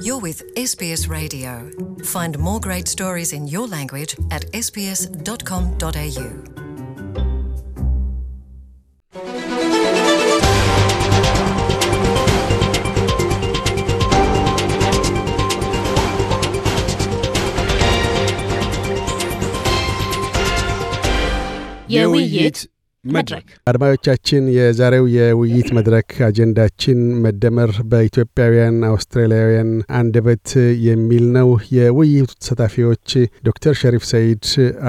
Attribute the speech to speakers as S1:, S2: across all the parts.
S1: You're with SBS Radio. Find more great stories in your language at sbs.com.au.
S2: Yeah, we it. መድረክ አድማጮቻችን፣ የዛሬው የውይይት መድረክ አጀንዳችን መደመር በኢትዮጵያውያን አውስትራሊያውያን አንደበት የሚል ነው። የውይይቱ ተሳታፊዎች ዶክተር ሸሪፍ ሰይድ፣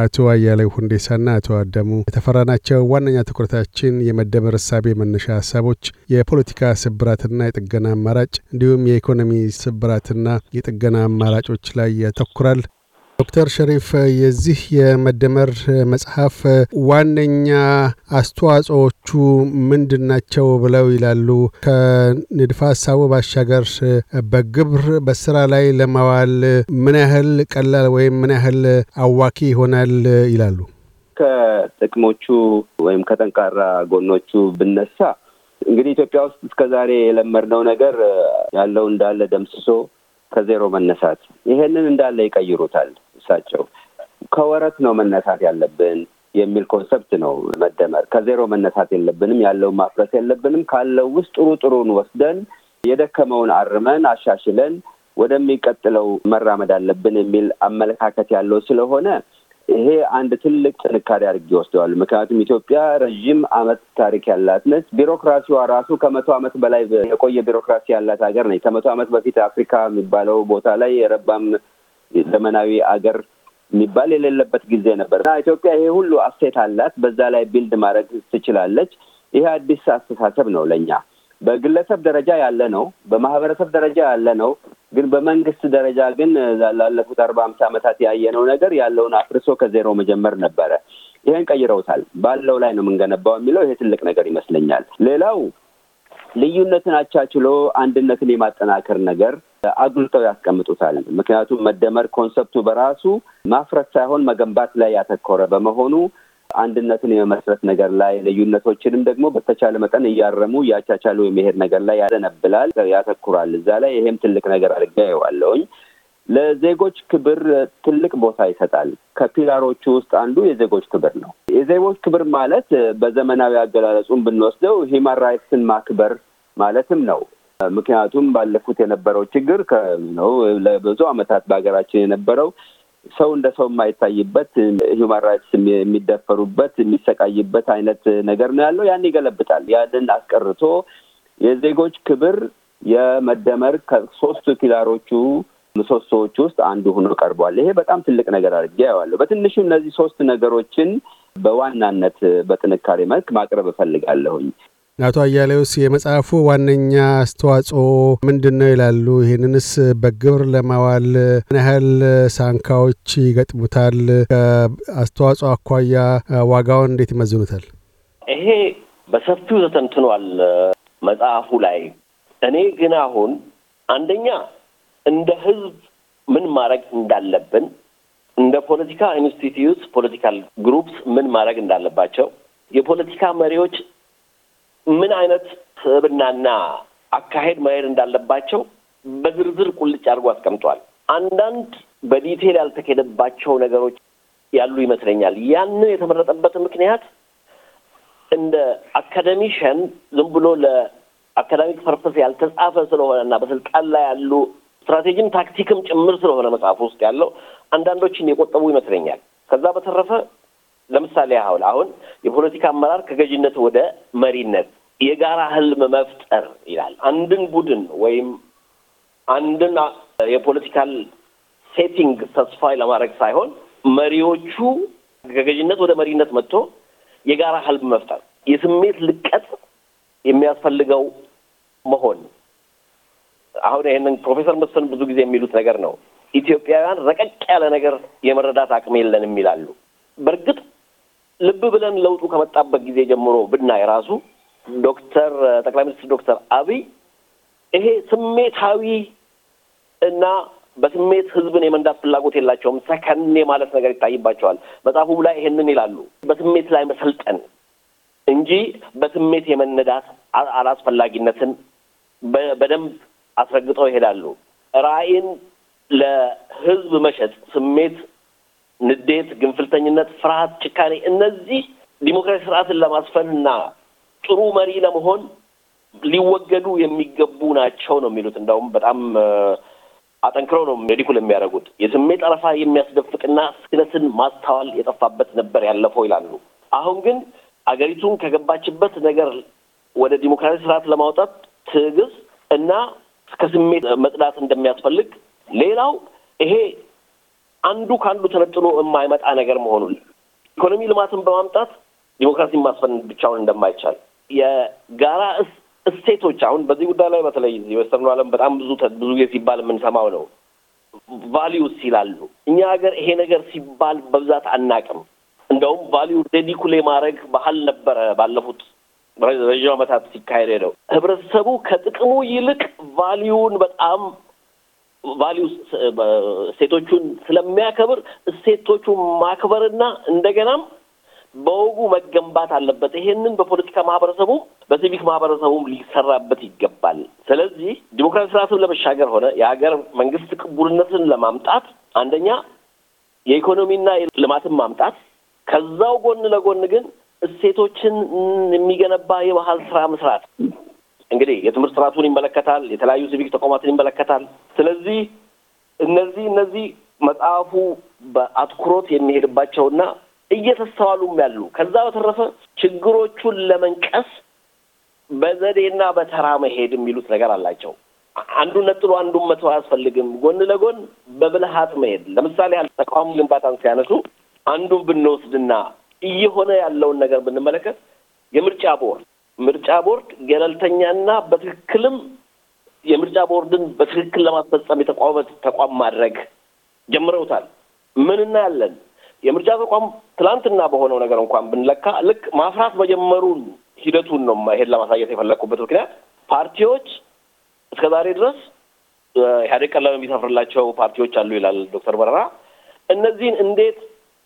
S2: አቶ አያሌው ሁንዴሳና አቶ አደሙ የተፈራ ናቸው። ዋነኛ ትኩረታችን የመደመር እሳቤ መነሻ ሀሳቦች፣ የፖለቲካ ስብራትና የጥገና አማራጭ እንዲሁም የኢኮኖሚ ስብራትና የጥገና አማራጮች ላይ ያተኩራል። ዶክተር ሸሪፍ የዚህ የመደመር መጽሐፍ ዋነኛ አስተዋጽኦዎቹ ምንድን ናቸው ብለው ይላሉ? ከንድፈ ሀሳቡ ባሻገር በግብር በስራ ላይ ለማዋል ምን ያህል ቀላል ወይም ምን ያህል አዋኪ ይሆናል ይላሉ?
S3: ከጥቅሞቹ ወይም ከጠንካራ ጎኖቹ ብነሳ እንግዲህ ኢትዮጵያ ውስጥ እስከዛሬ የለመድነው ነገር ያለው እንዳለ ደምስሶ ከዜሮ መነሳት ይሄንን እንዳለ ይቀይሩታል። እሳቸው ከወረት ነው መነሳት ያለብን የሚል ኮንሰፕት ነው መደመር። ከዜሮ መነሳት የለብንም፣ ያለውን ማፍረስ የለብንም። ካለው ውስጥ ጥሩ ጥሩን ወስደን የደከመውን አርመን አሻሽለን ወደሚቀጥለው መራመድ አለብን የሚል አመለካከት ያለው ስለሆነ ይሄ አንድ ትልቅ ጥንካሬ አድርጌ ወስደዋል። ምክንያቱም ኢትዮጵያ ረዥም ዓመት ታሪክ ያላት ነች። ቢሮክራሲዋ ራሱ ከመቶ ዓመት በላይ የቆየ ቢሮክራሲ ያላት ሀገር ነች። ከመቶ ዓመት በፊት አፍሪካ የሚባለው ቦታ ላይ የረባም ዘመናዊ አገር የሚባል የሌለበት ጊዜ ነበር እና ኢትዮጵያ ይሄ ሁሉ አሴት አላት። በዛ ላይ ቢልድ ማድረግ ትችላለች። ይሄ አዲስ አስተሳሰብ ነው ለእኛ በግለሰብ ደረጃ ያለ ነው፣ በማህበረሰብ ደረጃ ያለ ነው። ግን በመንግስት ደረጃ ግን ላለፉት አርባ አምስት ዓመታት ያየነው ነገር ያለውን አፍርሶ ከዜሮ መጀመር ነበረ። ይሄን ቀይረውታል። ባለው ላይ ነው የምንገነባው የሚለው ይሄ ትልቅ ነገር ይመስለኛል። ሌላው ልዩነትን አቻችሎ አንድነትን የማጠናከር ነገር አጉልተው ያስቀምጡታል። ምክንያቱም መደመር ኮንሰፕቱ በራሱ ማፍረት ሳይሆን መገንባት ላይ ያተኮረ በመሆኑ አንድነትን የመመስረት ነገር ላይ ልዩነቶችንም ደግሞ በተቻለ መጠን እያረሙ እያቻቻሉ የመሄድ ነገር ላይ ያደነብላል፣ ያተኩራል። እዛ ላይ ይሄም ትልቅ ነገር አድርጌ አየዋለሁኝ። ለዜጎች ክብር ትልቅ ቦታ ይሰጣል። ከፒላሮቹ ውስጥ አንዱ የዜጎች ክብር ነው። የዜጎች ክብር ማለት በዘመናዊ አገላለጹን ብንወስደው ሂማን ራይትስን ማክበር ማለትም ነው። ምክንያቱም ባለፉት የነበረው ችግር ነው ለብዙ አመታት በሀገራችን የነበረው ሰው እንደ ሰው የማይታይበት ሂውማን ራይትስ የሚደፈሩበት የሚሰቃይበት አይነት ነገር ነው ያለው። ያን ይገለብጣል። ያንን አስቀርቶ የዜጎች ክብር የመደመር ከሶስቱ ፒላሮቹ ምሰሶዎች ውስጥ አንዱ ሆኖ ቀርቧል። ይሄ በጣም ትልቅ ነገር አድርጌ ያዋለሁ። በትንሹ እነዚህ ሶስት ነገሮችን በዋናነት በጥንካሬ መልክ ማቅረብ እፈልጋለሁኝ።
S2: አቶ አያሌውስ የመጽሐፉ ዋነኛ አስተዋጽኦ ምንድን ነው ይላሉ? ይህንንስ በግብር ለማዋል ምን ያህል ሳንካዎች ይገጥሙታል? ከአስተዋጽኦ አኳያ ዋጋውን እንዴት ይመዝኑታል?
S1: ይሄ በሰፊው ተተንትኗል መጽሐፉ ላይ። እኔ ግን አሁን አንደኛ እንደ ህዝብ ምን ማድረግ እንዳለብን፣ እንደ ፖለቲካ ኢንስቲትዩት ፖለቲካል ግሩፕስ ምን ማድረግ እንዳለባቸው የፖለቲካ መሪዎች ምን አይነት ህብናና አካሄድ መሄድ እንዳለባቸው በዝርዝር ቁልጭ አድርጎ አስቀምጧል። አንዳንድ በዲቴል ያልተካሄደባቸው ነገሮች ያሉ ይመስለኛል። ያንን የተመረጠበት ምክንያት እንደ አካደሚሽን ዝም ብሎ ለአካዳሚክ ፐርፐስ ያልተጻፈ ስለሆነ እና በስልጣን ላይ ያሉ ስትራቴጂም ታክቲክም ጭምር ስለሆነ መጽሐፍ ውስጥ ያለው አንዳንዶችን የቆጠቡ ይመስለኛል። ከዛ በተረፈ ለምሳሌ ያህል አሁን የፖለቲካ አመራር ከገዥነት ወደ መሪነት የጋራ ህልም መፍጠር ይላል። አንድን ቡድን ወይም አንድን የፖለቲካል ሴቲንግ ተስፋ ለማድረግ ሳይሆን መሪዎቹ ከገዥነት ወደ መሪነት መጥቶ የጋራ ህልም መፍጠር የስሜት ልቀት የሚያስፈልገው መሆን አሁን ይህንን ፕሮፌሰር መስፍን ብዙ ጊዜ የሚሉት ነገር ነው። ኢትዮጵያውያን ረቀቅ ያለ ነገር የመረዳት አቅም የለንም ይላሉ። በእርግጥ ልብ ብለን ለውጡ ከመጣበት ጊዜ ጀምሮ ብናይ ራሱ ዶክተር ጠቅላይ ሚኒስትር ዶክተር አብይ ይሄ ስሜታዊ እና በስሜት ህዝብን የመንዳት ፍላጎት የላቸውም። ሰከኔ ማለት ነገር ይታይባቸዋል። መጽሐፉም ላይ ይሄንን ይላሉ። በስሜት ላይ መሰልጠን እንጂ በስሜት የመነዳት አላስፈላጊነትን በደንብ አስረግጠው ይሄዳሉ። ራዕይን ለህዝብ መሸጥ ስሜት ንዴት፣ ግንፍልተኝነት፣ ፍርሃት፣ ጭካኔ እነዚህ ዲሞክራሲ ስርዓትን ለማስፈንና ጥሩ መሪ ለመሆን ሊወገዱ የሚገቡ ናቸው ነው የሚሉት። እንደውም በጣም አጠንክረው ነው ሜዲኩል የሚያደርጉት። የስሜት ጠረፋ የሚያስደፍቅና ስነትን ማስተዋል የጠፋበት ነበር ያለፈው ይላሉ። አሁን ግን አገሪቱን ከገባችበት ነገር ወደ ዲሞክራሲ ስርዓት ለማውጣት ትዕግስት እና ከስሜት መጽዳት እንደሚያስፈልግ ሌላው ይሄ አንዱ ከአንዱ ተለጥሎ የማይመጣ ነገር መሆኑን ኢኮኖሚ ልማትን በማምጣት ዲሞክራሲን ማስፈን ብቻውን እንደማይቻል የጋራ እሴቶች አሁን በዚህ ጉዳይ ላይ በተለይ የወስተርኑ ዓለም በጣም ብዙ ብዙ ጊዜ ሲባል የምንሰማው ነው። ቫሊዩስ ይላሉ። እኛ ሀገር ይሄ ነገር ሲባል በብዛት አናቅም። እንደውም ቫሊዩ ዴዲኩሌ ማድረግ ባህል ነበረ ባለፉት ረዥም ዓመታት ሲካሄድ ሄደው ህብረተሰቡ ከጥቅሙ ይልቅ ቫሊዩን በጣም ቫሊዩ እሴቶቹን ስለሚያከብር እሴቶቹ ማክበርና እንደገናም በወጉ መገንባት አለበት። ይሄንን በፖለቲካ ማህበረሰቡም በሲቪክ ማህበረሰቡም ሊሰራበት ይገባል። ስለዚህ ዲሞክራሲ ስርዓትን ለመሻገር ሆነ የሀገር መንግስት ቅቡልነትን ለማምጣት አንደኛ የኢኮኖሚና ልማትን ማምጣት፣ ከዛው ጎን ለጎን ግን እሴቶችን የሚገነባ የባህል ስራ መስራት እንግዲህ የትምህርት ስርዓቱን ይመለከታል፣ የተለያዩ ሲቪክ ተቋማትን ይመለከታል። ስለዚህ እነዚህ እነዚህ መጽሐፉ በአትኩሮት የሚሄድባቸውና እየተስተዋሉም ያሉ ከዛ በተረፈ ችግሮቹን ለመንቀስ በዘዴና በተራ መሄድ የሚሉት ነገር አላቸው። አንዱን ነጥሎ አንዱን መተው አያስፈልግም። ጎን ለጎን በብልሃት መሄድ ለምሳሌ ተቋሙ ግንባታን ሲያነሱ አንዱን ብንወስድና እየሆነ ያለውን ነገር ብንመለከት የምርጫ ቦርድ ምርጫ ቦርድ ገለልተኛና በትክክልም የምርጫ ቦርድን በትክክል ለማስፈጸም የተቋመ ተቋም ማድረግ ጀምረውታል። ምን እናያለን? የምርጫ ተቋም ትላንትና በሆነው ነገር እንኳን ብንለካ ልክ ማፍራት መጀመሩን ሂደቱን ነው ይሄን ለማሳየት የፈለግኩበት ምክንያት ፓርቲዎች እስከ ዛሬ ድረስ ኢህአዴግ ቀለም የሚሰፍርላቸው ፓርቲዎች አሉ ይላል ዶክተር በረራ። እነዚህን እንዴት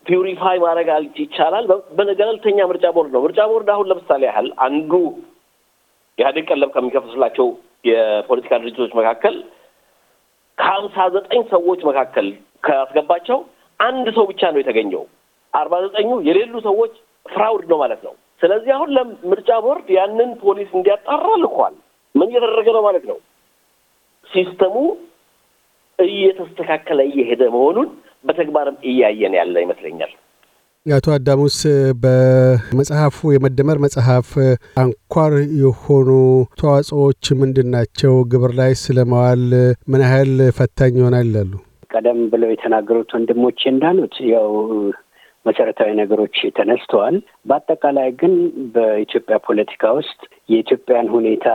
S1: ፒውሪፋይ ማድረግ ይቻላል። በገለልተኛ ምርጫ ቦርድ ነው። ምርጫ ቦርድ አሁን ለምሳሌ ያህል አንዱ ኢህአዴግ ቀለብ ከሚከፍስላቸው የፖለቲካ ድርጅቶች መካከል ከሀምሳ ዘጠኝ ሰዎች መካከል ካስገባቸው አንድ ሰው ብቻ ነው የተገኘው። አርባ ዘጠኙ የሌሉ ሰዎች ፍራውድ ነው ማለት ነው። ስለዚህ አሁን ለምርጫ ቦርድ ያንን ፖሊስ እንዲያጣራ ልኳል። ምን እየተደረገ ነው ማለት ነው? ሲስተሙ እየተስተካከለ እየሄደ መሆኑን በተግባርም እያየን ያለ ይመስለኛል።
S2: የአቶ አዳሙስ በመጽሐፉ የመደመር መጽሐፍ አንኳር የሆኑ ተዋጽኦዎች ምንድን ናቸው? ግብር ላይ ስለመዋል ምን ያህል ፈታኝ ይሆናል ይላሉ።
S4: ቀደም ብለው የተናገሩት ወንድሞቼ እንዳሉት ያው መሰረታዊ ነገሮች ተነስተዋል። በአጠቃላይ ግን በኢትዮጵያ ፖለቲካ ውስጥ የኢትዮጵያን ሁኔታ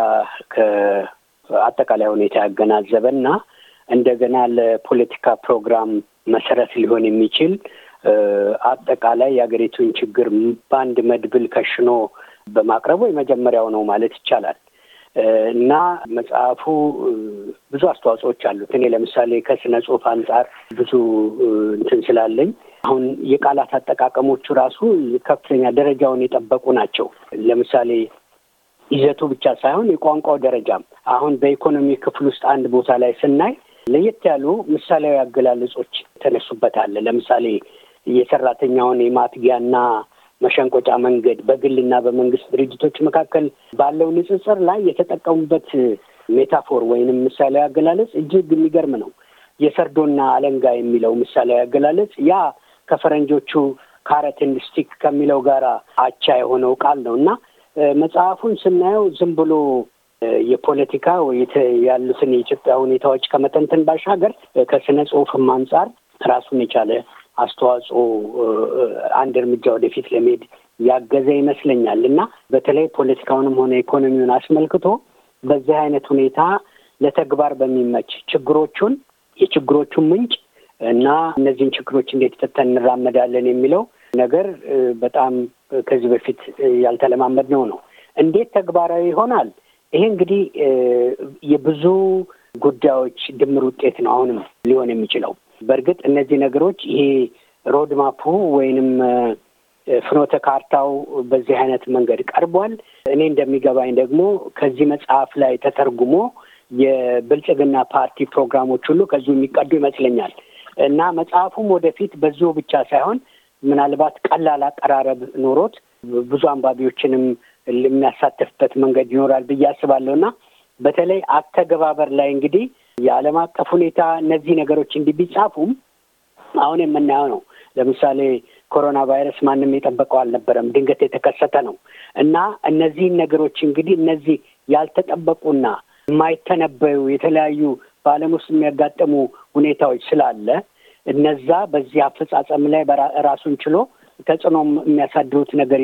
S4: ከአጠቃላይ ሁኔታ ያገናዘበና እንደገና ለፖለቲካ ፕሮግራም መሰረት ሊሆን የሚችል አጠቃላይ የሀገሪቱን ችግር በአንድ መድብል ከሽኖ በማቅረቡ የመጀመሪያው ነው ማለት ይቻላል እና መጽሐፉ ብዙ አስተዋጽኦች አሉት። እኔ ለምሳሌ ከስነ ጽሁፍ አንጻር ብዙ እንትን ስላለኝ አሁን የቃላት አጠቃቀሞቹ ራሱ ከፍተኛ ደረጃውን የጠበቁ ናቸው። ለምሳሌ ይዘቱ ብቻ ሳይሆን የቋንቋው ደረጃም አሁን በኢኮኖሚ ክፍል ውስጥ አንድ ቦታ ላይ ስናይ ለየት ያሉ ምሳሌያዊ አገላለጾች ተነሱበታል። ለምሳሌ የሰራተኛውን የማትጊያና መሸንቆጫ መንገድ በግልና በመንግስት ድርጅቶች መካከል ባለው ንጽጽር ላይ የተጠቀሙበት ሜታፎር ወይንም ምሳሌያዊ አገላለጽ እጅግ የሚገርም ነው። የሰርዶና አለንጋ የሚለው ምሳሌያዊ አገላለጽ ያ ከፈረንጆቹ ካረት ኤንድ ስቲክ ከሚለው ጋር አቻ የሆነው ቃል ነው እና መጽሐፉን ስናየው ዝም ብሎ የፖለቲካ ያሉትን የኢትዮጵያ ሁኔታዎች ከመተንተን ባሻገር ከስነ ጽሁፍም አንጻር ራሱን የቻለ አስተዋጽኦ አንድ እርምጃ ወደፊት ለመሄድ ያገዘ ይመስለኛል እና በተለይ ፖለቲካውንም ሆነ ኢኮኖሚውን አስመልክቶ በዚህ አይነት ሁኔታ ለተግባር በሚመች ችግሮቹን የችግሮቹን ምንጭ እና እነዚህን ችግሮች እንዴት ፈተን እንራመዳለን የሚለው ነገር በጣም ከዚህ በፊት ያልተለማመድ ነው ነው እንዴት ተግባራዊ ይሆናል ይሄ እንግዲህ የብዙ ጉዳዮች ድምር ውጤት ነው አሁንም ሊሆን የሚችለው። በእርግጥ እነዚህ ነገሮች ይሄ ሮድማፑ ወይንም ፍኖተ ካርታው በዚህ አይነት መንገድ ቀርቧል። እኔ እንደሚገባኝ ደግሞ ከዚህ መጽሐፍ ላይ ተተርጉሞ የብልጽግና ፓርቲ ፕሮግራሞች ሁሉ ከዚሁ የሚቀዱ ይመስለኛል እና መጽሐፉም ወደፊት በዚሁ ብቻ ሳይሆን ምናልባት ቀላል አቀራረብ ኖሮት ብዙ አንባቢዎችንም የሚያሳተፍበት መንገድ ይኖራል ብዬ አስባለሁ እና በተለይ አተገባበር ላይ እንግዲህ የዓለም አቀፍ ሁኔታ እነዚህ ነገሮች እንዲህ ቢጻፉም አሁን የምናየው ነው። ለምሳሌ ኮሮና ቫይረስ ማንም የጠበቀው አልነበረም፣ ድንገት የተከሰተ ነው እና እነዚህን ነገሮች እንግዲህ እነዚህ ያልተጠበቁና የማይተነበዩ የተለያዩ በዓለም ውስጥ የሚያጋጥሙ ሁኔታዎች ስላለ እነዛ በዚህ አፈጻጸም ላይ ራሱን ችሎ ተጽዕኖ የሚያሳድሩት ነገር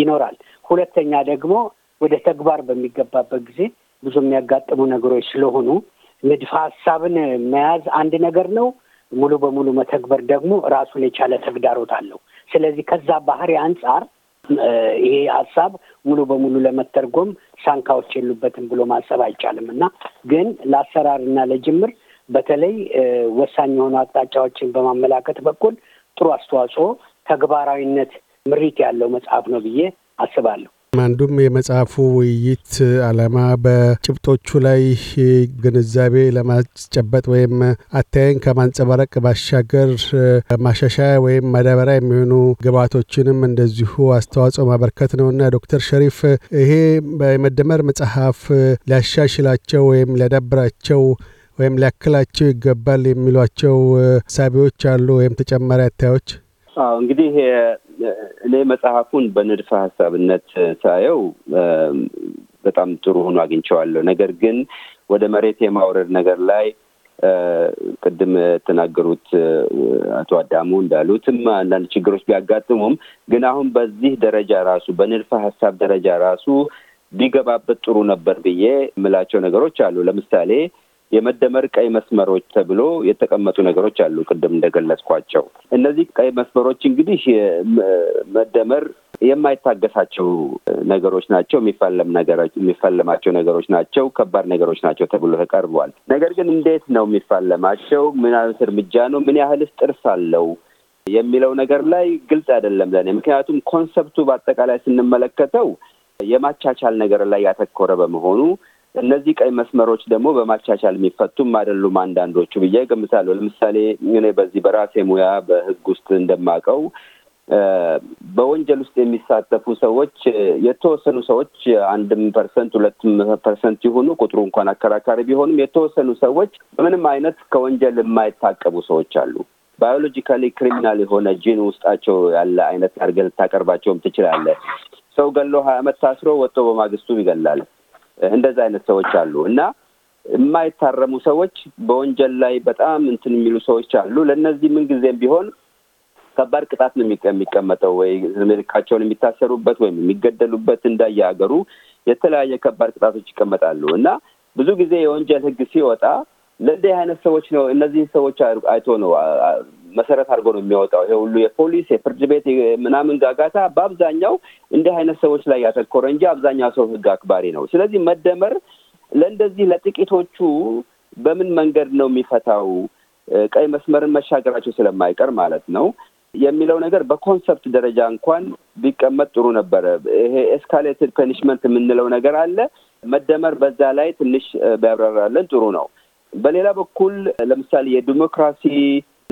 S4: ይኖራል። ሁለተኛ ደግሞ ወደ ተግባር በሚገባበት ጊዜ ብዙ የሚያጋጥሙ ነገሮች ስለሆኑ ንድፈ ሀሳብን መያዝ አንድ ነገር ነው። ሙሉ በሙሉ መተግበር ደግሞ ራሱን የቻለ ተግዳሮት አለው። ስለዚህ ከዛ ባህሪ አንጻር ይሄ ሀሳብ ሙሉ በሙሉ ለመተርጎም ሳንካዎች የሉበትም ብሎ ማሰብ አይቻልም እና ግን ለአሰራርና ለጅምር በተለይ ወሳኝ የሆኑ አቅጣጫዎችን በማመላከት በኩል ጥሩ አስተዋጽኦ፣ ተግባራዊነት፣ ምሪት ያለው መጽሐፍ ነው ብዬ አስባለሁ።
S2: አንዱም የመጽሐፉ ውይይት ዓላማ በጭብጦቹ ላይ ግንዛቤ ለማስጨበጥ ወይም አታይን ከማንጸባረቅ ባሻገር ማሻሻያ ወይም ማዳበሪያ የሚሆኑ ግብዓቶችንም እንደዚሁ አስተዋጽኦ ማበርከት ነውና ዶክተር ሸሪፍ ይሄ የመደመር መጽሐፍ ሊያሻሽላቸው ወይም ሊያዳብራቸው ወይም ሊያክላቸው ይገባል የሚሏቸው ሳቢዎች አሉ ወይም ተጨማሪ አታዮች?
S3: አዎ እንግዲህ እኔ መጽሐፉን በንድፈ ሀሳብነት ሳየው በጣም ጥሩ ሆኖ አግኝቸዋለሁ ነገር ግን ወደ መሬት የማውረድ ነገር ላይ ቅድም የተናገሩት አቶ አዳሙ እንዳሉትም አንዳንድ ችግሮች ቢያጋጥሙም ግን አሁን በዚህ ደረጃ ራሱ በንድፈ ሀሳብ ደረጃ ራሱ ቢገባበት ጥሩ ነበር ብዬ የምላቸው ነገሮች አሉ። ለምሳሌ የመደመር ቀይ መስመሮች ተብሎ የተቀመጡ ነገሮች አሉ። ቅድም እንደገለጽኳቸው እነዚህ ቀይ መስመሮች እንግዲህ መደመር የማይታገሳቸው ነገሮች ናቸው። ነገሮች የሚፋለማቸው ነገሮች ናቸው። ከባድ ነገሮች ናቸው ተብሎ ተቀርቧል። ነገር ግን እንዴት ነው የሚፋለማቸው? ምን አይነት እርምጃ ነው? ምን ያህልስ ጥርስ አለው የሚለው ነገር ላይ ግልጽ አይደለም ለኔ። ምክንያቱም ኮንሰፕቱ በአጠቃላይ ስንመለከተው የማቻቻል ነገር ላይ ያተኮረ በመሆኑ እነዚህ ቀይ መስመሮች ደግሞ በማቻቻል የሚፈቱም አይደሉም አንዳንዶቹ ብዬ ገምታለሁ። ለምሳሌ እኔ በዚህ በራሴ ሙያ በህግ ውስጥ እንደማውቀው በወንጀል ውስጥ የሚሳተፉ ሰዎች የተወሰኑ ሰዎች አንድም ፐርሰንት ሁለትም ፐርሰንት ሲሆኑ ቁጥሩ እንኳን አከራካሪ ቢሆንም የተወሰኑ ሰዎች በምንም አይነት ከወንጀል የማይታቀቡ ሰዎች አሉ። ባዮሎጂካሊ ክሪሚናል የሆነ ጂን ውስጣቸው ያለ አይነት አድርገህ ልታቀርባቸውም ትችላለህ። ሰው ገሎ ሀያ አመት ታስሮ ወጥቶ በማግስቱም ይገላል። እንደዛ አይነት ሰዎች አሉ እና የማይታረሙ ሰዎች በወንጀል ላይ በጣም እንትን የሚሉ ሰዎች አሉ። ለእነዚህ ምንጊዜም ቢሆን ከባድ ቅጣት ነው የሚቀመጠው፣ ወይ ዕድሜልካቸውን የሚታሰሩበት ወይም የሚገደሉበት። እንዳየ ሀገሩ የተለያየ ከባድ ቅጣቶች ይቀመጣሉ እና ብዙ ጊዜ የወንጀል ሕግ ሲወጣ ለእንዲህ አይነት ሰዎች ነው እነዚህ ሰዎች አይቶ ነው መሰረት አድርጎ ነው የሚያወጣው ይሄ ሁሉ የፖሊስ የፍርድ ቤት ምናምን ጋጋታ በአብዛኛው እንዲህ አይነት ሰዎች ላይ ያተኮረ እንጂ አብዛኛው ሰው ህግ አክባሪ ነው። ስለዚህ መደመር ለእንደዚህ ለጥቂቶቹ በምን መንገድ ነው የሚፈታው ቀይ መስመርን መሻገራቸው ስለማይቀር ማለት ነው የሚለው ነገር በኮንሰፕት ደረጃ እንኳን ቢቀመጥ ጥሩ ነበረ። ይሄ ኤስካሌትድ ፐኒሽመንት የምንለው ነገር አለ። መደመር በዛ ላይ ትንሽ ቢያብራራለን ጥሩ ነው። በሌላ በኩል ለምሳሌ የዲሞክራሲ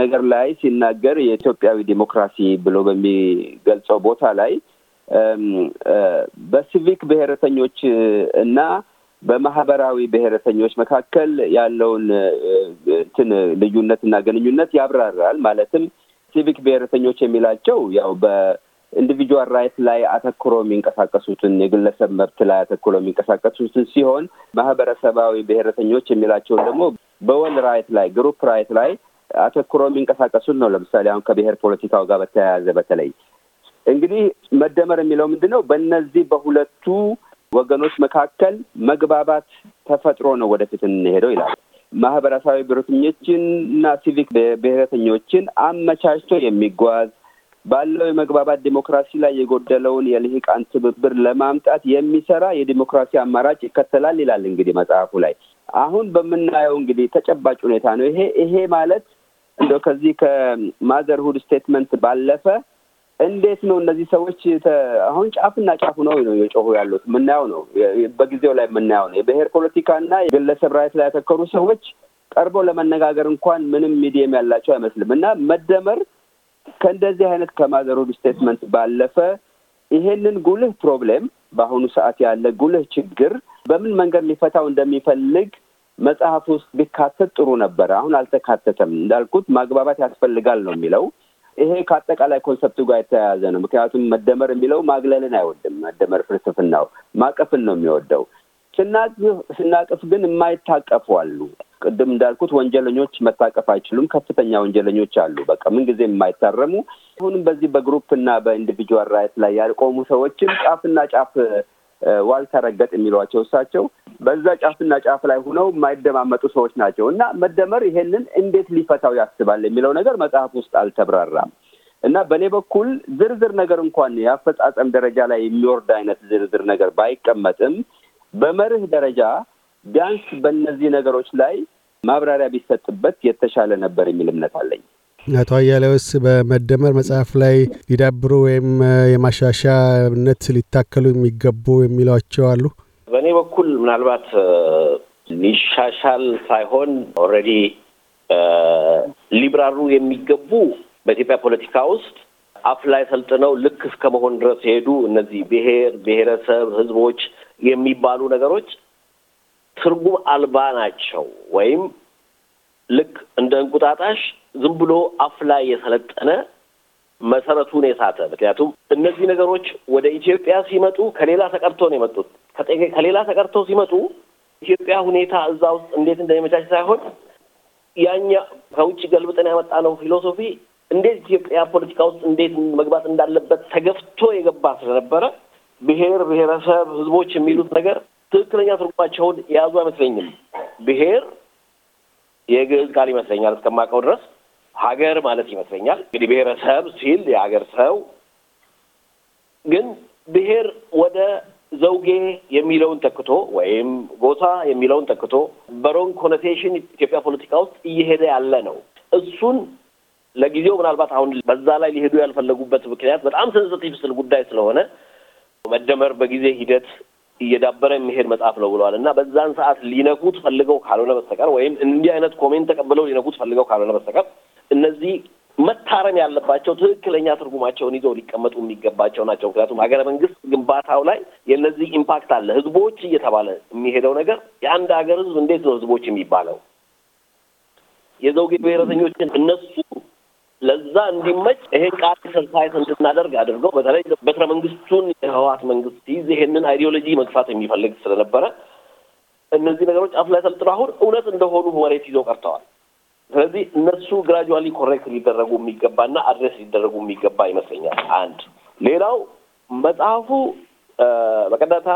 S3: ነገር ላይ ሲናገር የኢትዮጵያዊ ዲሞክራሲ ብሎ በሚገልጸው ቦታ ላይ በሲቪክ ብሔረተኞች እና በማህበራዊ ብሔረተኞች መካከል ያለውን እንትን ልዩነትና ግንኙነት ያብራራል። ማለትም ሲቪክ ብሔረተኞች የሚላቸው ያው በኢንዲቪጁዋል ራይት ላይ አተኩሮ የሚንቀሳቀሱትን የግለሰብ መብት ላይ አተኩሮ የሚንቀሳቀሱትን ሲሆን ማህበረሰባዊ ብሔረተኞች የሚላቸው ደግሞ በወል ራይት ላይ ግሩፕ ራይት ላይ አተኩረው የሚንቀሳቀሱት ነው። ለምሳሌ አሁን ከብሔር ፖለቲካው ጋር በተያያዘ በተለይ እንግዲህ መደመር የሚለው ምንድን ነው? በእነዚህ በሁለቱ ወገኖች መካከል መግባባት ተፈጥሮ ነው ወደፊት እንሄደው ይላል። ማህበረሰባዊ ብሔረተኞችን እና ሲቪክ ብሔረተኞችን አመቻችቶ የሚጓዝ ባለው የመግባባት ዲሞክራሲ ላይ የጎደለውን የልሂቃን ትብብር ለማምጣት የሚሰራ የዲሞክራሲ አማራጭ ይከተላል ይላል እንግዲህ መጽሐፉ ላይ አሁን በምናየው እንግዲህ ተጨባጭ ሁኔታ ነው ይሄ ይሄ ማለት እንደ ከዚህ ከማዘርሁድ ስቴትመንት ባለፈ እንዴት ነው እነዚህ ሰዎች አሁን ጫፍና ጫፍ ነው ነው የጮሁ ያሉት የምናየው ነው በጊዜው ላይ የምናየው ነው የብሔር ፖለቲካና የግለሰብ ራይት ላይ ያተከሩ ሰዎች ቀርበው ለመነጋገር እንኳን ምንም ሚዲየም ያላቸው አይመስልም እና መደመር ከእንደዚህ አይነት ከማዘርሁድ ስቴትመንት ባለፈ ይሄንን ጉልህ ፕሮብሌም በአሁኑ ሰዓት ያለ ጉልህ ችግር በምን መንገድ ሊፈታው እንደሚፈልግ መጽሐፍ ውስጥ ቢካተት ጥሩ ነበረ። አሁን አልተካተተም። እንዳልኩት ማግባባት ያስፈልጋል ነው የሚለው። ይሄ ከአጠቃላይ ኮንሰፕቱ ጋር የተያያዘ ነው። ምክንያቱም መደመር የሚለው ማግለልን አይወድም። መደመር ፍልስፍናው ማቀፍን ነው የሚወደው። ስናቅፍ ስናቅፍ ግን የማይታቀፉ አሉ። ቅድም እንዳልኩት ወንጀለኞች መታቀፍ አይችሉም። ከፍተኛ ወንጀለኞች አሉ። በቃ ምንጊዜ የማይታረሙ አሁንም በዚህ በግሩፕ እና በኢንዲቪጁዋል ራይት ላይ ያልቆሙ ሰዎችም ጫፍና ጫፍ ዋልተረገጥ የሚሏቸው እሳቸው በዛ ጫፍና ጫፍ ላይ ሆነው የማይደማመጡ ሰዎች ናቸው እና መደመር ይሄንን እንዴት ሊፈታው ያስባል የሚለው ነገር መጽሐፍ ውስጥ አልተብራራም እና በእኔ በኩል ዝርዝር ነገር እንኳን የአፈጻጸም ደረጃ ላይ የሚወርድ አይነት ዝርዝር ነገር ባይቀመጥም በመርህ ደረጃ ቢያንስ በእነዚህ ነገሮች ላይ ማብራሪያ ቢሰጥበት የተሻለ ነበር የሚል እምነት አለኝ።
S2: አቶ አያሌውስ በመደመር መጽሐፍ ላይ ሊዳብሩ ወይም የማሻሻያነት ሊታከሉ የሚገቡ የሚሏቸው አሉ?
S1: በእኔ በኩል ምናልባት ሊሻሻል ሳይሆን ኦልሬዲ ሊብራሩ የሚገቡ በኢትዮጵያ ፖለቲካ ውስጥ አፍ ላይ ሰልጥነው ልክ እስከ መሆን ድረስ የሄዱ እነዚህ ብሔር ብሔረሰብ ህዝቦች የሚባሉ ነገሮች ትርጉም አልባ ናቸው ወይም ልክ እንደ እንቁጣጣሽ ዝም ብሎ አፍ ላይ የሰለጠነ መሰረቱን የሳተ ምክንያቱም እነዚህ ነገሮች ወደ ኢትዮጵያ ሲመጡ ከሌላ ተቀርቶ ነው የመጡት። ከሌላ ተቀርቶ ሲመጡ ኢትዮጵያ ሁኔታ እዛ ውስጥ እንዴት እንደሚመቻች ሳይሆን ያኛ ከውጭ ገልብጠን ያመጣ ነው ፊሎሶፊ እንዴት ኢትዮጵያ ፖለቲካ ውስጥ እንዴት መግባት እንዳለበት ተገፍቶ የገባ ስለነበረ ብሔር ብሔረሰብ ህዝቦች የሚሉት ነገር ትክክለኛ ትርጉማቸውን የያዙ አይመስለኝም። ብሔር የግዕዝ ቃል ይመስለኛል እስከማውቀው ድረስ ሀገር ማለት ይመስለኛል። እንግዲህ ብሔረሰብ ሲል የሀገር ሰው ግን ብሔር ወደ ዘውጌ የሚለውን ተክቶ ወይም ጎሳ የሚለውን ተክቶ በሮን ኮኖቴሽን ኢትዮጵያ ፖለቲካ ውስጥ እየሄደ ያለ ነው። እሱን ለጊዜው ምናልባት አሁን በዛ ላይ ሊሄዱ ያልፈለጉበት ምክንያት በጣም ሴንስቲቭ ስል ጉዳይ ስለሆነ መደመር በጊዜ ሂደት እየዳበረ የሚሄድ መጽሐፍ ነው ብለዋል እና በዛን ሰዓት ሊነኩት ፈልገው ካልሆነ በስተቀር ወይም እንዲህ አይነት ኮሜንት ተቀብለው ሊነኩት ፈልገው ካልሆነ በስተቀር እነዚህ መታረም ያለባቸው ትክክለኛ ትርጉማቸውን ይዘው ሊቀመጡ የሚገባቸው ናቸው። ምክንያቱም ሀገረ መንግስት ግንባታው ላይ የነዚህ ኢምፓክት አለ። ህዝቦች እየተባለ የሚሄደው ነገር የአንድ ሀገር ህዝብ እንዴት ነው ህዝቦች የሚባለው? የዘውጌ ብሔረተኞችን እነሱ ለዛ እንዲመች ይሄን ቃል ሰልሳይት እንድናደርግ አድርገው በተለይ በትረ መንግስቱን የህወሓት መንግስት ሲይዝ ይሄንን አይዲዮሎጂ መግፋት የሚፈልግ ስለነበረ እነዚህ ነገሮች አፍ ላይ ሰልጥነው አሁን እውነት እንደሆኑ መሬት ይዘው ቀርተዋል። ስለዚህ እነሱ ግራጁዋሊ ኮሬክት ሊደረጉ የሚገባና አድሬስ ሊደረጉ የሚገባ ይመስለኛል። አንድ ሌላው መጽሐፉ በቀዳታ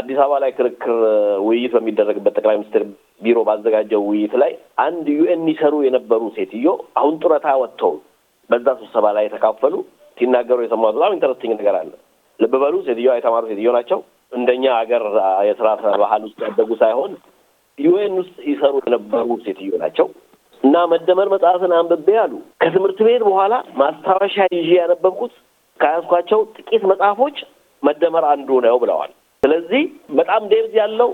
S1: አዲስ አበባ ላይ ክርክር ውይይት በሚደረግበት ጠቅላይ ሚኒስትር ቢሮ ባዘጋጀው ውይይት ላይ አንድ ዩኤን ይሰሩ የነበሩ ሴትዮ አሁን ጡረታ ወጥተው በዛ ስብሰባ ላይ የተካፈሉ ሲናገሩ የሰማሁት በጣም ኢንተረስቲንግ ነገር አለ። ልብ በሉ፣ ሴትዮ የተማሩ ሴትዮ ናቸው። እንደኛ ሀገር የስራ ባህል ውስጥ ያደጉ ሳይሆን ዩኤን ውስጥ ይሰሩ የነበሩ ሴትዮ ናቸው። እና መደመር መጽሐፍን አንብቤ አሉ ከትምህርት ቤት በኋላ ማስታወሻ ይዤ ያነበብኩት ከያዝኳቸው ጥቂት መጽሐፎች መደመር አንዱ ነው ብለዋል። ስለዚህ በጣም ዴብዝ ያለው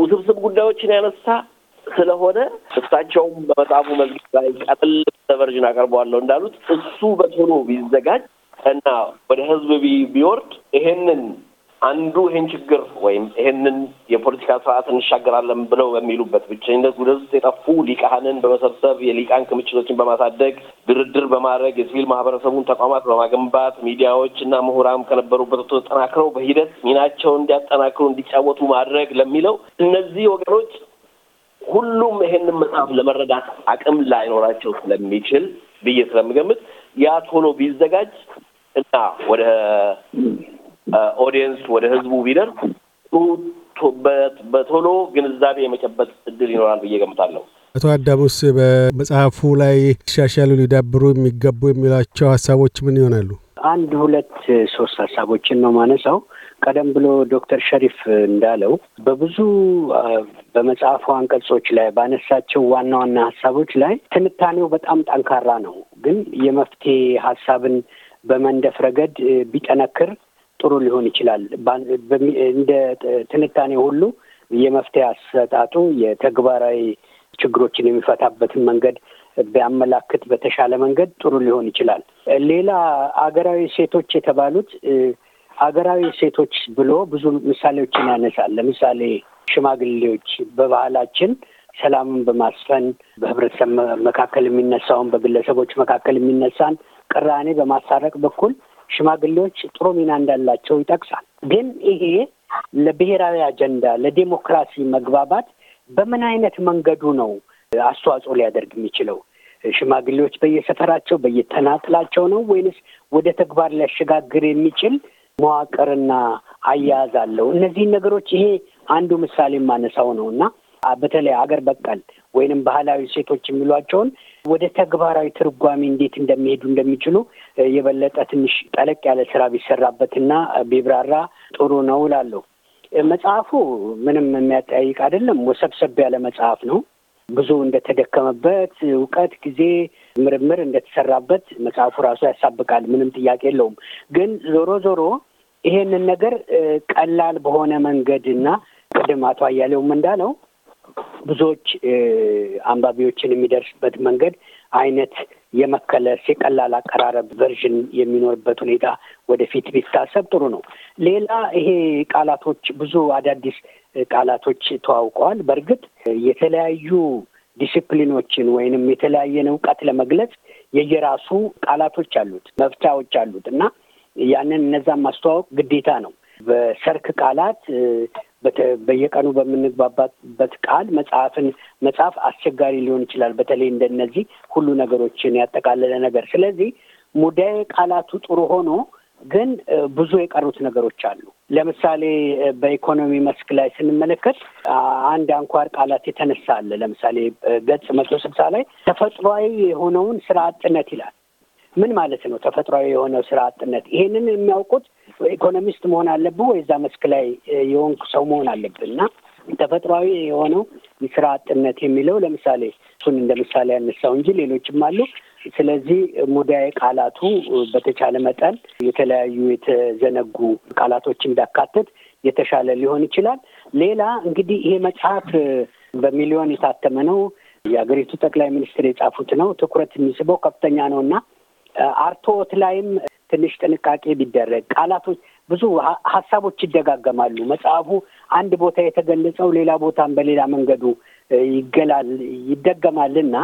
S1: ውስብስብ ጉዳዮችን ያነሳ ስለሆነ እሳቸውም በመጽሐፉ መዝጊያ ላይ ቀጥል ቨርዥን አቀርበዋለሁ እንዳሉት እሱ በቶሎ ቢዘጋጅ እና ወደ ህዝብ ቢወርድ ይሄንን አንዱ ይህን ችግር ወይም ይህንን የፖለቲካ ስርዓት እንሻገራለን ብለው በሚሉበት ብቸኝነት ወደ ውስጥ የጠፉ ሊቃህንን በመሰብሰብ የሊቃን ክምችቶችን በማሳደግ ድርድር በማድረግ የሲቪል ማህበረሰቡን ተቋማት በማገንባት ሚዲያዎች እና ምሁራም ከነበሩበት ተጠናክረው በሂደት ሚናቸውን እንዲያጠናክሩ እንዲጫወቱ ማድረግ ለሚለው እነዚህ ወገኖች ሁሉም ይሄንን መጽሐፍ ለመረዳት አቅም ላይኖራቸው ስለሚችል ብዬ ስለምገምት ያ ቶሎ ቢዘጋጅ እና ወደ ኦዲየንስ ወደ ህዝቡ ቢደርስ በቶሎ ግንዛቤ የመጨበጥ እድል ይኖራል ብዬ ገምታለሁ።
S2: አቶ አዳሙስ በመጽሐፉ ላይ ሻሻሉ ሊዳብሩ የሚገቡ የሚሏቸው ሀሳቦች ምን ይሆናሉ?
S4: አንድ ሁለት ሶስት ሀሳቦችን ነው ማነሳው። ቀደም ብሎ ዶክተር ሸሪፍ እንዳለው በብዙ በመጽሐፉ አንቀጾች ላይ ባነሳቸው ዋና ዋና ሀሳቦች ላይ ትንታኔው በጣም ጠንካራ ነው። ግን የመፍትሄ ሀሳብን በመንደፍ ረገድ ቢጠነክር ጥሩ ሊሆን ይችላል። እንደ ትንታኔ ሁሉ የመፍትሄ አሰጣጡ የተግባራዊ ችግሮችን የሚፈታበትን መንገድ ቢያመላክት በተሻለ መንገድ ጥሩ ሊሆን ይችላል። ሌላ አገራዊ ሴቶች የተባሉት አገራዊ ሴቶች ብሎ ብዙ ምሳሌዎችን ያነሳል። ለምሳሌ ሽማግሌዎች በባህላችን ሰላምን በማስፈን በህብረተሰብ መካከል የሚነሳውን በግለሰቦች መካከል የሚነሳን ቅራኔ በማሳረቅ በኩል ሽማግሌዎች ጥሩ ሚና እንዳላቸው ይጠቅሳል። ግን ይሄ ለብሔራዊ አጀንዳ ለዴሞክራሲ መግባባት በምን አይነት መንገዱ ነው አስተዋጽኦ ሊያደርግ የሚችለው? ሽማግሌዎች በየሰፈራቸው በየተናጥላቸው ነው ወይንስ ወደ ተግባር ሊያሸጋግር የሚችል መዋቅርና አያያዝ አለው? እነዚህን ነገሮች ይሄ አንዱ ምሳሌ የማነሳው ነው እና በተለይ አገር በቀል ወይንም ባህላዊ ሴቶች የሚሏቸውን ወደ ተግባራዊ ትርጓሜ እንዴት እንደሚሄዱ እንደሚችሉ የበለጠ ትንሽ ጠለቅ ያለ ስራ ቢሰራበትና ቢብራራ ጥሩ ነው እላለሁ። መጽሐፉ ምንም የሚያጠያይቅ አይደለም። ወሰብሰብ ያለ መጽሐፍ ነው። ብዙ እንደተደከመበት እውቀት፣ ጊዜ፣ ምርምር እንደተሰራበት መጽሐፉ ራሱ ያሳብቃል። ምንም ጥያቄ የለውም። ግን ዞሮ ዞሮ ይሄንን ነገር ቀላል በሆነ መንገድ እና ቅድም አቶ አያሌውም እንዳለው ብዙዎች አንባቢዎችን የሚደርስበት መንገድ አይነት የመከለስ የቀላል አቀራረብ ቨርዥን የሚኖርበት ሁኔታ ወደፊት ቢታሰብ ጥሩ ነው። ሌላ ይሄ ቃላቶች ብዙ አዳዲስ ቃላቶች ተዋውቀዋል። በእርግጥ የተለያዩ ዲስፕሊኖችን ወይንም የተለያየን እውቀት ለመግለጽ የየራሱ ቃላቶች አሉት፣ መፍቻዎች አሉት እና ያንን እነዛን ማስተዋወቅ ግዴታ ነው። በሰርክ ቃላት በየቀኑ በምንግባባበት ቃል መጽሐፍን መጽሐፍ አስቸጋሪ ሊሆን ይችላል። በተለይ እንደነዚህ ሁሉ ነገሮችን ያጠቃለለ ነገር። ስለዚህ ሙዳዬ ቃላቱ ጥሩ ሆኖ ግን ብዙ የቀሩት ነገሮች አሉ። ለምሳሌ በኢኮኖሚ መስክ ላይ ስንመለከት አንድ አንኳር ቃላት የተነሳ አለ። ለምሳሌ ገጽ መቶ ስልሳ ላይ ተፈጥሯዊ የሆነውን ስራ አጥነት ይላል። ምን ማለት ነው ተፈጥሯዊ የሆነው ስራ አጥነት? ይሄንን የሚያውቁት ኢኮኖሚስት መሆን አለብህ ወይ እዛ መስክ ላይ የሆንክ ሰው መሆን አለብህ እና ተፈጥሯዊ የሆነው የስራ አጥነት የሚለው ለምሳሌ እሱን እንደ ምሳሌ ያነሳው እንጂ ሌሎችም አሉ። ስለዚህ ሙዳይ ቃላቱ በተቻለ መጠን የተለያዩ የተዘነጉ ቃላቶች እንዳካተት የተሻለ ሊሆን ይችላል። ሌላ እንግዲህ ይሄ መጽሐፍ በሚሊዮን የታተመ ነው። የሀገሪቱ ጠቅላይ ሚኒስትር የጻፉት ነው። ትኩረት የሚስበው ከፍተኛ ነው እና አርቶት ላይም ትንሽ ጥንቃቄ ቢደረግ ቃላቶች ብዙ ሀሳቦች ይደጋገማሉ። መጽሐፉ አንድ ቦታ የተገለጸው ሌላ ቦታም በሌላ መንገዱ ይገላል ይደገማልና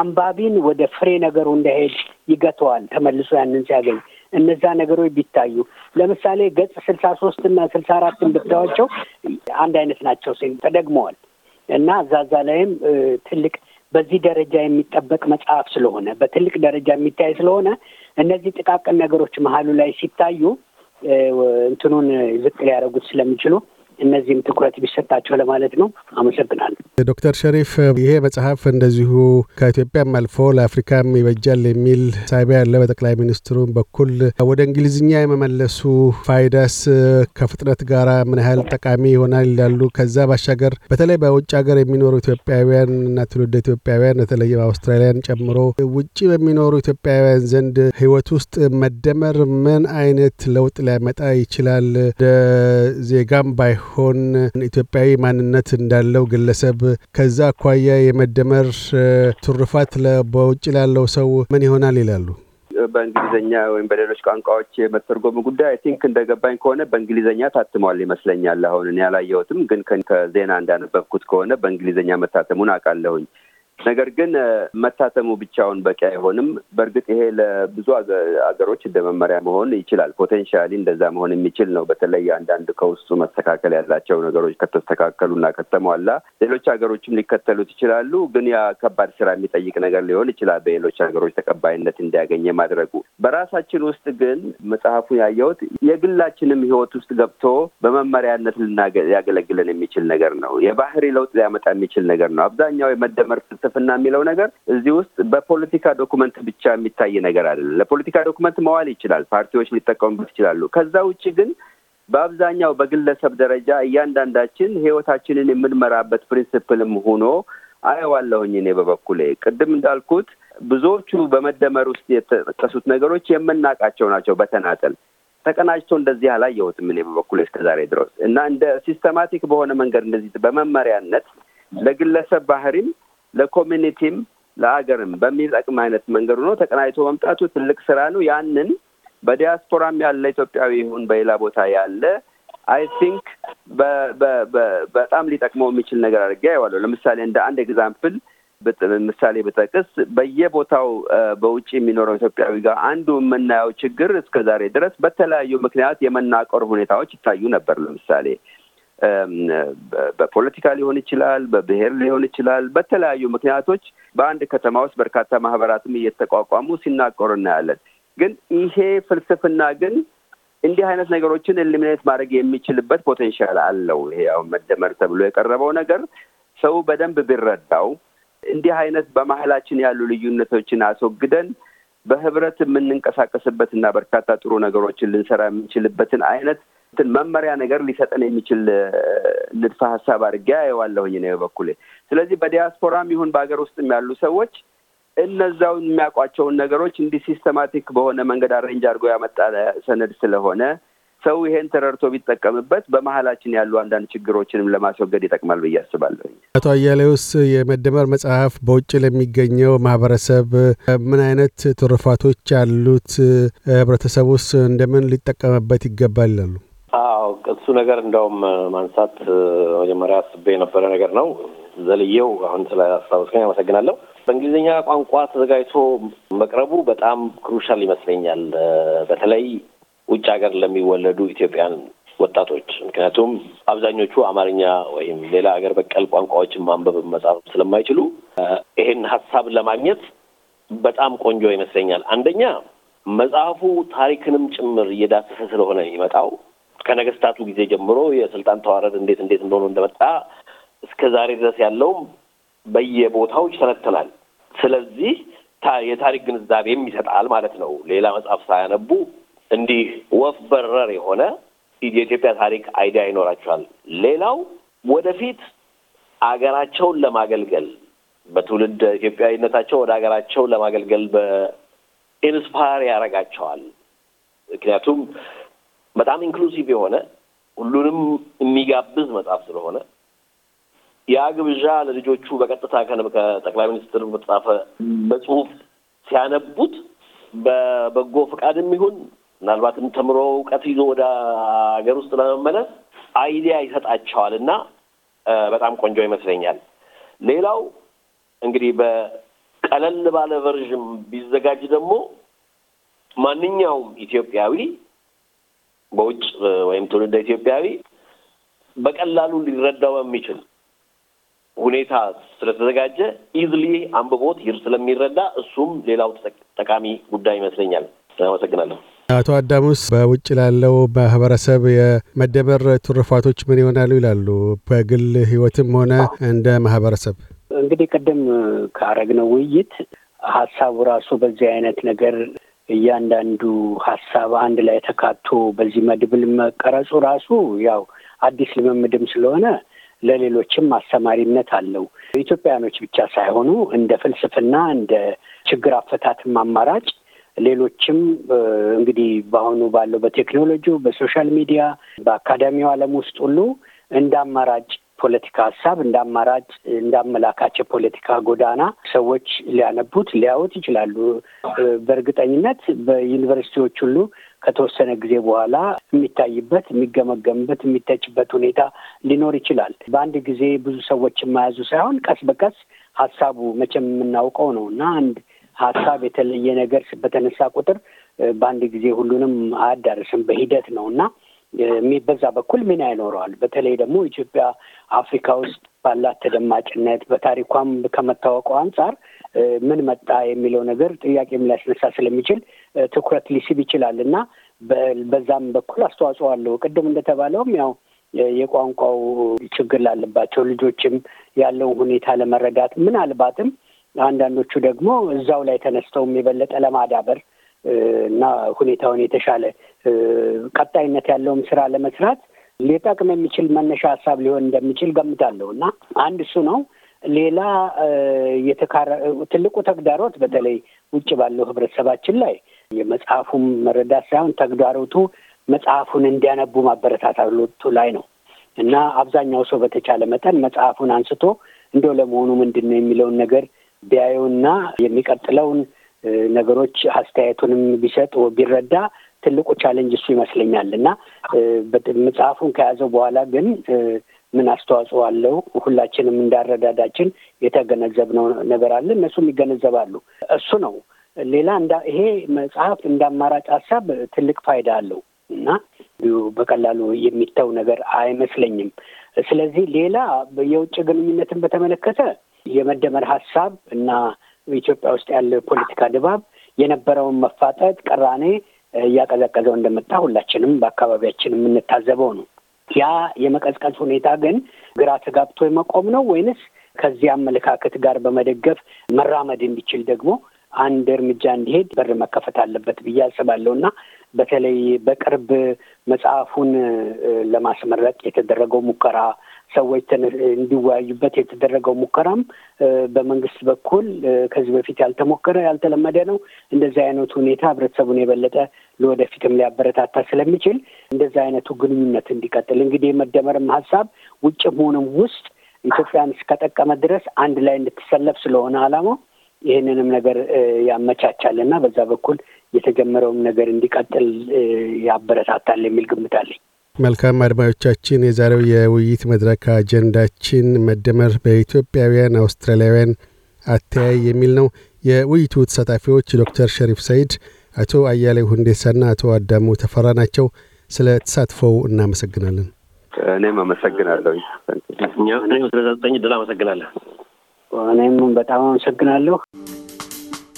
S4: አንባቢን ወደ ፍሬ ነገሩ እንዳይሄድ ይገተዋል። ተመልሶ ያንን ሲያገኝ እነዛ ነገሮች ቢታዩ ለምሳሌ ገጽ ስልሳ ሶስት እና ስልሳ አራትን ብታዋቸው አንድ አይነት ናቸው፣ ተደግመዋል እና እዛ ላይም ትልቅ በዚህ ደረጃ የሚጠበቅ መጽሐፍ ስለሆነ በትልቅ ደረጃ የሚታይ ስለሆነ እነዚህ ጥቃቅን ነገሮች መሀሉ ላይ ሲታዩ እንትኑን ዝቅ ሊያደርጉት ስለሚችሉ እነዚህም ትኩረት ቢሰጣቸው ለማለት ነው። አመሰግናለሁ።
S2: ዶክተር ሸሪፍ ይሄ መጽሐፍ እንደዚሁ ከኢትዮጵያም አልፎ ለአፍሪካም ይበጃል የሚል ሳቢያ ያለ በጠቅላይ ሚኒስትሩ በኩል ወደ እንግሊዝኛ የመመለሱ ፋይዳስ ከፍጥነት ጋር ምን ያህል ጠቃሚ ይሆናል ይላሉ። ከዛ ባሻገር በተለይ በውጭ ሀገር የሚኖሩ ኢትዮጵያውያን እና ትውልደ ኢትዮጵያውያን በተለይ አውስትራሊያን ጨምሮ ውጭ በሚኖሩ ኢትዮጵያውያን ዘንድ ህይወት ውስጥ መደመር ምን አይነት ለውጥ ሊያመጣ ይችላል? ዜጋም ባይሆን ሲሆን ኢትዮጵያዊ ማንነት እንዳለው ግለሰብ ከዛ አኳያ የመደመር ትሩፋት በውጭ ላለው ሰው ምን ይሆናል ይላሉ?
S3: በእንግሊዝኛ ወይም በሌሎች ቋንቋዎች የመተርጎም ጉዳይ አይ ቲንክ እንደገባኝ ከሆነ በእንግሊዝኛ ታትሟል ይመስለኛል። አሁን እኔ ያላየሁትም፣ ግን ከዜና እንዳነበብኩት ከሆነ በእንግሊዝኛ መታተሙን አውቃለሁኝ። ነገር ግን መታተሙ ብቻውን በቂ አይሆንም። በእርግጥ ይሄ ለብዙ አገሮች እንደ መመሪያ መሆን ይችላል። ፖቴንሻሊ እንደዛ መሆን የሚችል ነው። በተለይ አንዳንድ ከውስጡ መስተካከል ያላቸው ነገሮች ከተስተካከሉ ና ከተሟላ ሌሎች ሀገሮችም ሊከተሉት ይችላሉ። ግን ያ ከባድ ስራ የሚጠይቅ ነገር ሊሆን ይችላል። በሌሎች ሀገሮች ተቀባይነት እንዲያገኝ ማድረጉ በራሳችን ውስጥ ግን መጽሐፉ ያየሁት የግላችንም ህይወት ውስጥ ገብቶ በመመሪያነት ሊያገለግለን የሚችል ነገር ነው። የባህሪ ለውጥ ሊያመጣ የሚችል ነገር ነው። አብዛኛው የመደመር ፍልስፍ ፍልስፍና የሚለው ነገር እዚህ ውስጥ በፖለቲካ ዶኩመንት ብቻ የሚታይ ነገር አይደለም። ለፖለቲካ ዶኩመንት መዋል ይችላል፣ ፓርቲዎች ሊጠቀሙበት ይችላሉ። ከዛ ውጭ ግን በአብዛኛው በግለሰብ ደረጃ እያንዳንዳችን ህይወታችንን የምንመራበት ፕሪንስፕልም ሆኖ አየዋለሁኝ። እኔ በበኩሌ ቅድም እንዳልኩት ብዙዎቹ በመደመር ውስጥ የተጠቀሱት ነገሮች የምናውቃቸው ናቸው። በተናጠል ተቀናጅቶ እንደዚህ አላየሁትም እኔ በበኩሌ እስከዛሬ ድረስ እና እንደ ሲስተማቲክ በሆነ መንገድ እንደዚህ በመመሪያነት ለግለሰብ ባህሪም ለኮሚኒቲም ለሀገርም በሚጠቅም አይነት መንገድ ሆኖ ተቀናጅቶ መምጣቱ ትልቅ ስራ ነው። ያንን በዲያስፖራም ያለ ኢትዮጵያዊ ይሁን በሌላ ቦታ ያለ አይ ቲንክ በጣም ሊጠቅመው የሚችል ነገር አድርጌ አየዋለሁ። ለምሳሌ እንደ አንድ ኤግዛምፕል ምሳሌ ብጠቅስ በየቦታው በውጭ የሚኖረው ኢትዮጵያዊ ጋር አንዱ የምናየው ችግር እስከ ዛሬ ድረስ በተለያዩ ምክንያት የመናቆር ሁኔታዎች ይታዩ ነበር። ለምሳሌ በፖለቲካ ሊሆን ይችላል፣ በብሔር ሊሆን ይችላል። በተለያዩ ምክንያቶች በአንድ ከተማ ውስጥ በርካታ ማህበራትም እየተቋቋሙ ሲናቀሩ እናያለን። ግን ይሄ ፍልስፍና ግን እንዲህ አይነት ነገሮችን ኤሊሚኔት ማድረግ የሚችልበት ፖቴንሻል አለው። ይሄ ያው መደመር ተብሎ የቀረበው ነገር ሰው በደንብ ቢረዳው እንዲህ አይነት በመሀላችን ያሉ ልዩነቶችን አስወግደን በህብረት የምንንቀሳቀስበትና በርካታ ጥሩ ነገሮችን ልንሰራ የምንችልበትን አይነት መመሪያ ነገር ሊሰጠን የሚችል ንድፈ ሀሳብ አድርጌ አየዋለሁኝ ነው በኩሌ። ስለዚህ በዲያስፖራም ይሁን በሀገር ውስጥም ያሉ ሰዎች እነዛውን የሚያውቋቸውን ነገሮች እንዲህ ሲስተማቲክ በሆነ መንገድ አረንጅ አድርጎ ያመጣ ሰነድ ስለሆነ ሰው ይሄን ተረድቶ ቢጠቀምበት በመሀላችን ያሉ አንዳንድ ችግሮችንም ለማስወገድ ይጠቅማል ብዬ አስባለሁ።
S2: አቶ አያሌውስ የመደመር መጽሐፍ በውጭ ለሚገኘው ማህበረሰብ ምን አይነት ትሩፋቶች ያሉት ህብረተሰቡስ እንደምን ሊጠቀምበት ይገባል ይላሉ?
S1: አዎ እሱ ነገር እንደውም ማንሳት መጀመሪያ አስቤ የነበረ ነገር ነው። ዘልየው አሁን ስለ አስታወስከኝ አመሰግናለሁ። በእንግሊዝኛ ቋንቋ ተዘጋጅቶ መቅረቡ በጣም ክሩሻል ይመስለኛል፣ በተለይ ውጭ ሀገር ለሚወለዱ ኢትዮጵያን ወጣቶች። ምክንያቱም አብዛኞቹ አማርኛ ወይም ሌላ ሀገር በቀል ቋንቋዎችን ማንበብ መጻፍ ስለማይችሉ ይሄን ሀሳብ ለማግኘት በጣም ቆንጆ ይመስለኛል። አንደኛ መጽሐፉ ታሪክንም ጭምር እየዳሰሰ ስለሆነ ይመጣው ከነገስታቱ ጊዜ ጀምሮ የስልጣን ተዋረድ እንዴት እንዴት እንደሆኑ እንደመጣ እስከ ዛሬ ድረስ ያለውም በየቦታው ይተነተናል። ስለዚህ የታሪክ ግንዛቤም ይሰጣል ማለት ነው። ሌላ መጽሐፍ ሳያነቡ እንዲህ ወፍ በረር የሆነ የኢትዮጵያ ታሪክ አይዲያ ይኖራቸዋል። ሌላው ወደፊት አገራቸውን ለማገልገል በትውልድ ኢትዮጵያዊነታቸው ወደ ሀገራቸው ለማገልገል በኢንስፓየር ያደርጋቸዋል። ምክንያቱም በጣም ኢንክሉሲቭ የሆነ ሁሉንም የሚጋብዝ መጽሐፍ ስለሆነ ያ ግብዣ ለልጆቹ በቀጥታ ከጠቅላይ ሚኒስትር በተጻፈ በጽሁፍ ሲያነቡት በበጎ ፈቃድም ይሁን ምናልባትም ተምሮ እውቀት ይዞ ወደ ሀገር ውስጥ ለመመለስ አይዲያ ይሰጣቸዋል እና በጣም ቆንጆ ይመስለኛል። ሌላው እንግዲህ በቀለል ባለ ቨርዥን ቢዘጋጅ ደግሞ ማንኛውም ኢትዮጵያዊ በውጭ ወይም ትውልደ ኢትዮጵያዊ በቀላሉ ሊረዳው የሚችል ሁኔታ ስለተዘጋጀ ኢዝሊ አንብቦት ይር ስለሚረዳ እሱም ሌላው ጠቃሚ ጉዳይ ይመስለኛል። አመሰግናለሁ።
S2: አቶ አዳሙስ በውጭ ላለው ማህበረሰብ የመደመር ትሩፋቶች ምን ይሆናሉ ይላሉ? በግል ህይወትም ሆነ እንደ ማህበረሰብ
S4: እንግዲህ ቅድም ካረግነው ውይይት ሀሳቡ ራሱ በዚህ አይነት ነገር እያንዳንዱ ሀሳብ አንድ ላይ ተካቶ በዚህ መድብል መቀረጹ ራሱ ያው አዲስ ልምምድም ስለሆነ ለሌሎችም አስተማሪነት አለው። ኢትዮጵያውያኖች ብቻ ሳይሆኑ እንደ ፍልስፍና፣ እንደ ችግር አፈታትም አማራጭ ሌሎችም እንግዲህ በአሁኑ ባለው በቴክኖሎጂ፣ በሶሻል ሚዲያ፣ በአካዳሚው ዓለም ውስጥ ሁሉ እንደ አማራጭ ፖለቲካ ሀሳብ እንደ አማራጭ እንደ አመላካች የፖለቲካ ጎዳና ሰዎች ሊያነቡት ሊያዩት ይችላሉ። በእርግጠኝነት በዩኒቨርሲቲዎች ሁሉ ከተወሰነ ጊዜ በኋላ የሚታይበት፣ የሚገመገምበት፣ የሚተችበት ሁኔታ ሊኖር ይችላል። በአንድ ጊዜ ብዙ ሰዎች የማያዙ ሳይሆን ቀስ በቀስ ሀሳቡ መቼም የምናውቀው ነው እና አንድ ሀሳብ የተለየ ነገር በተነሳ ቁጥር በአንድ ጊዜ ሁሉንም አያዳርስም፣ በሂደት ነው እና የሚበዛ በኩል ምን አይኖረዋል። በተለይ ደግሞ ኢትዮጵያ አፍሪካ ውስጥ ባላት ተደማጭነት በታሪኳም ከመታወቀው አንጻር ምን መጣ የሚለው ነገር ጥያቄም ሊያስነሳ ስለሚችል ትኩረት ሊስብ ይችላል እና በዛም በኩል አስተዋጽኦ አለው። ቅድም እንደተባለውም ያው የቋንቋው ችግር ላለባቸው ልጆችም ያለውን ሁኔታ ለመረዳት ምናልባትም አንዳንዶቹ ደግሞ እዛው ላይ ተነስተውም የበለጠ ለማዳበር እና ሁኔታውን የተሻለ ቀጣይነት ያለውም ስራ ለመስራት ሊጠቅም የሚችል መነሻ ሀሳብ ሊሆን እንደሚችል ገምታለሁ እና አንድ እሱ ነው። ሌላ የተካረ ትልቁ ተግዳሮት በተለይ ውጭ ባለው ህብረተሰባችን ላይ የመጽሐፉም መረዳት ሳይሆን ተግዳሮቱ መጽሐፉን እንዲያነቡ ማበረታታቱ ላይ ነው እና አብዛኛው ሰው በተቻለ መጠን መጽሐፉን አንስቶ እንደው ለመሆኑ ምንድን ነው የሚለውን ነገር ቢያየውና የሚቀጥለውን ነገሮች አስተያየቱንም ቢሰጥ ቢረዳ ትልቁ ቻለንጅ እሱ ይመስለኛል እና መጽሐፉን ከያዘው በኋላ ግን ምን አስተዋጽኦ አለው? ሁላችንም እንዳረዳዳችን የተገነዘብነው ነገር አለ፣ እነሱም ይገነዘባሉ። እሱ ነው። ሌላ ይሄ መጽሐፍ እንደ አማራጭ ሀሳብ ትልቅ ፋይዳ አለው እና በቀላሉ የሚተው ነገር አይመስለኝም። ስለዚህ ሌላ የውጭ ግንኙነትን በተመለከተ የመደመር ሀሳብ እና ኢትዮጵያ ውስጥ ያለው የፖለቲካ ድባብ የነበረውን መፋጠጥ ቅራኔ እያቀዘቀዘው እንደመጣ ሁላችንም በአካባቢያችን የምንታዘበው ነው። ያ የመቀዝቀዝ ሁኔታ ግን ግራ ተጋብቶ የመቆም ነው ወይንስ ከዚህ አመለካከት ጋር በመደገፍ መራመድ እንዲችል ደግሞ አንድ እርምጃ እንዲሄድ በር መከፈት አለበት ብዬ አስባለሁ እና በተለይ በቅርብ መጽሐፉን ለማስመረቅ የተደረገው ሙከራ ሰዎች እንዲወያዩበት የተደረገው ሙከራም በመንግስት በኩል ከዚህ በፊት ያልተሞከረ ያልተለመደ ነው። እንደዚህ አይነቱ ሁኔታ ህብረተሰቡን የበለጠ ለወደፊትም ሊያበረታታ ስለሚችል እንደዚህ አይነቱ ግንኙነት እንዲቀጥል እንግዲህ የመደመርም ሀሳብ ውጭም ሆንም ውስጥ ኢትዮጵያን እስከጠቀመ ድረስ አንድ ላይ እንድትሰለፍ ስለሆነ አላማው ይህንንም ነገር ያመቻቻል እና በዛ በኩል የተጀመረውም ነገር እንዲቀጥል ያበረታታል የሚል ግምት አለኝ።
S2: መልካም አድማጮቻችን፣ የዛሬው የውይይት መድረክ አጀንዳችን መደመር በኢትዮጵያውያን አውስትራሊያውያን አተያይ የሚል ነው። የውይይቱ ተሳታፊዎች ዶክተር ሸሪፍ ሰይድ፣ አቶ አያሌው ሁንዴሳና አቶ አዳሙ ተፈራ ናቸው። ስለ ተሳትፎው እናመሰግናለን።
S3: እኔም አመሰግናለሁ።
S1: እኛም ስለ ድል አመሰግናለን። እኔም በጣም አመሰግናለሁ።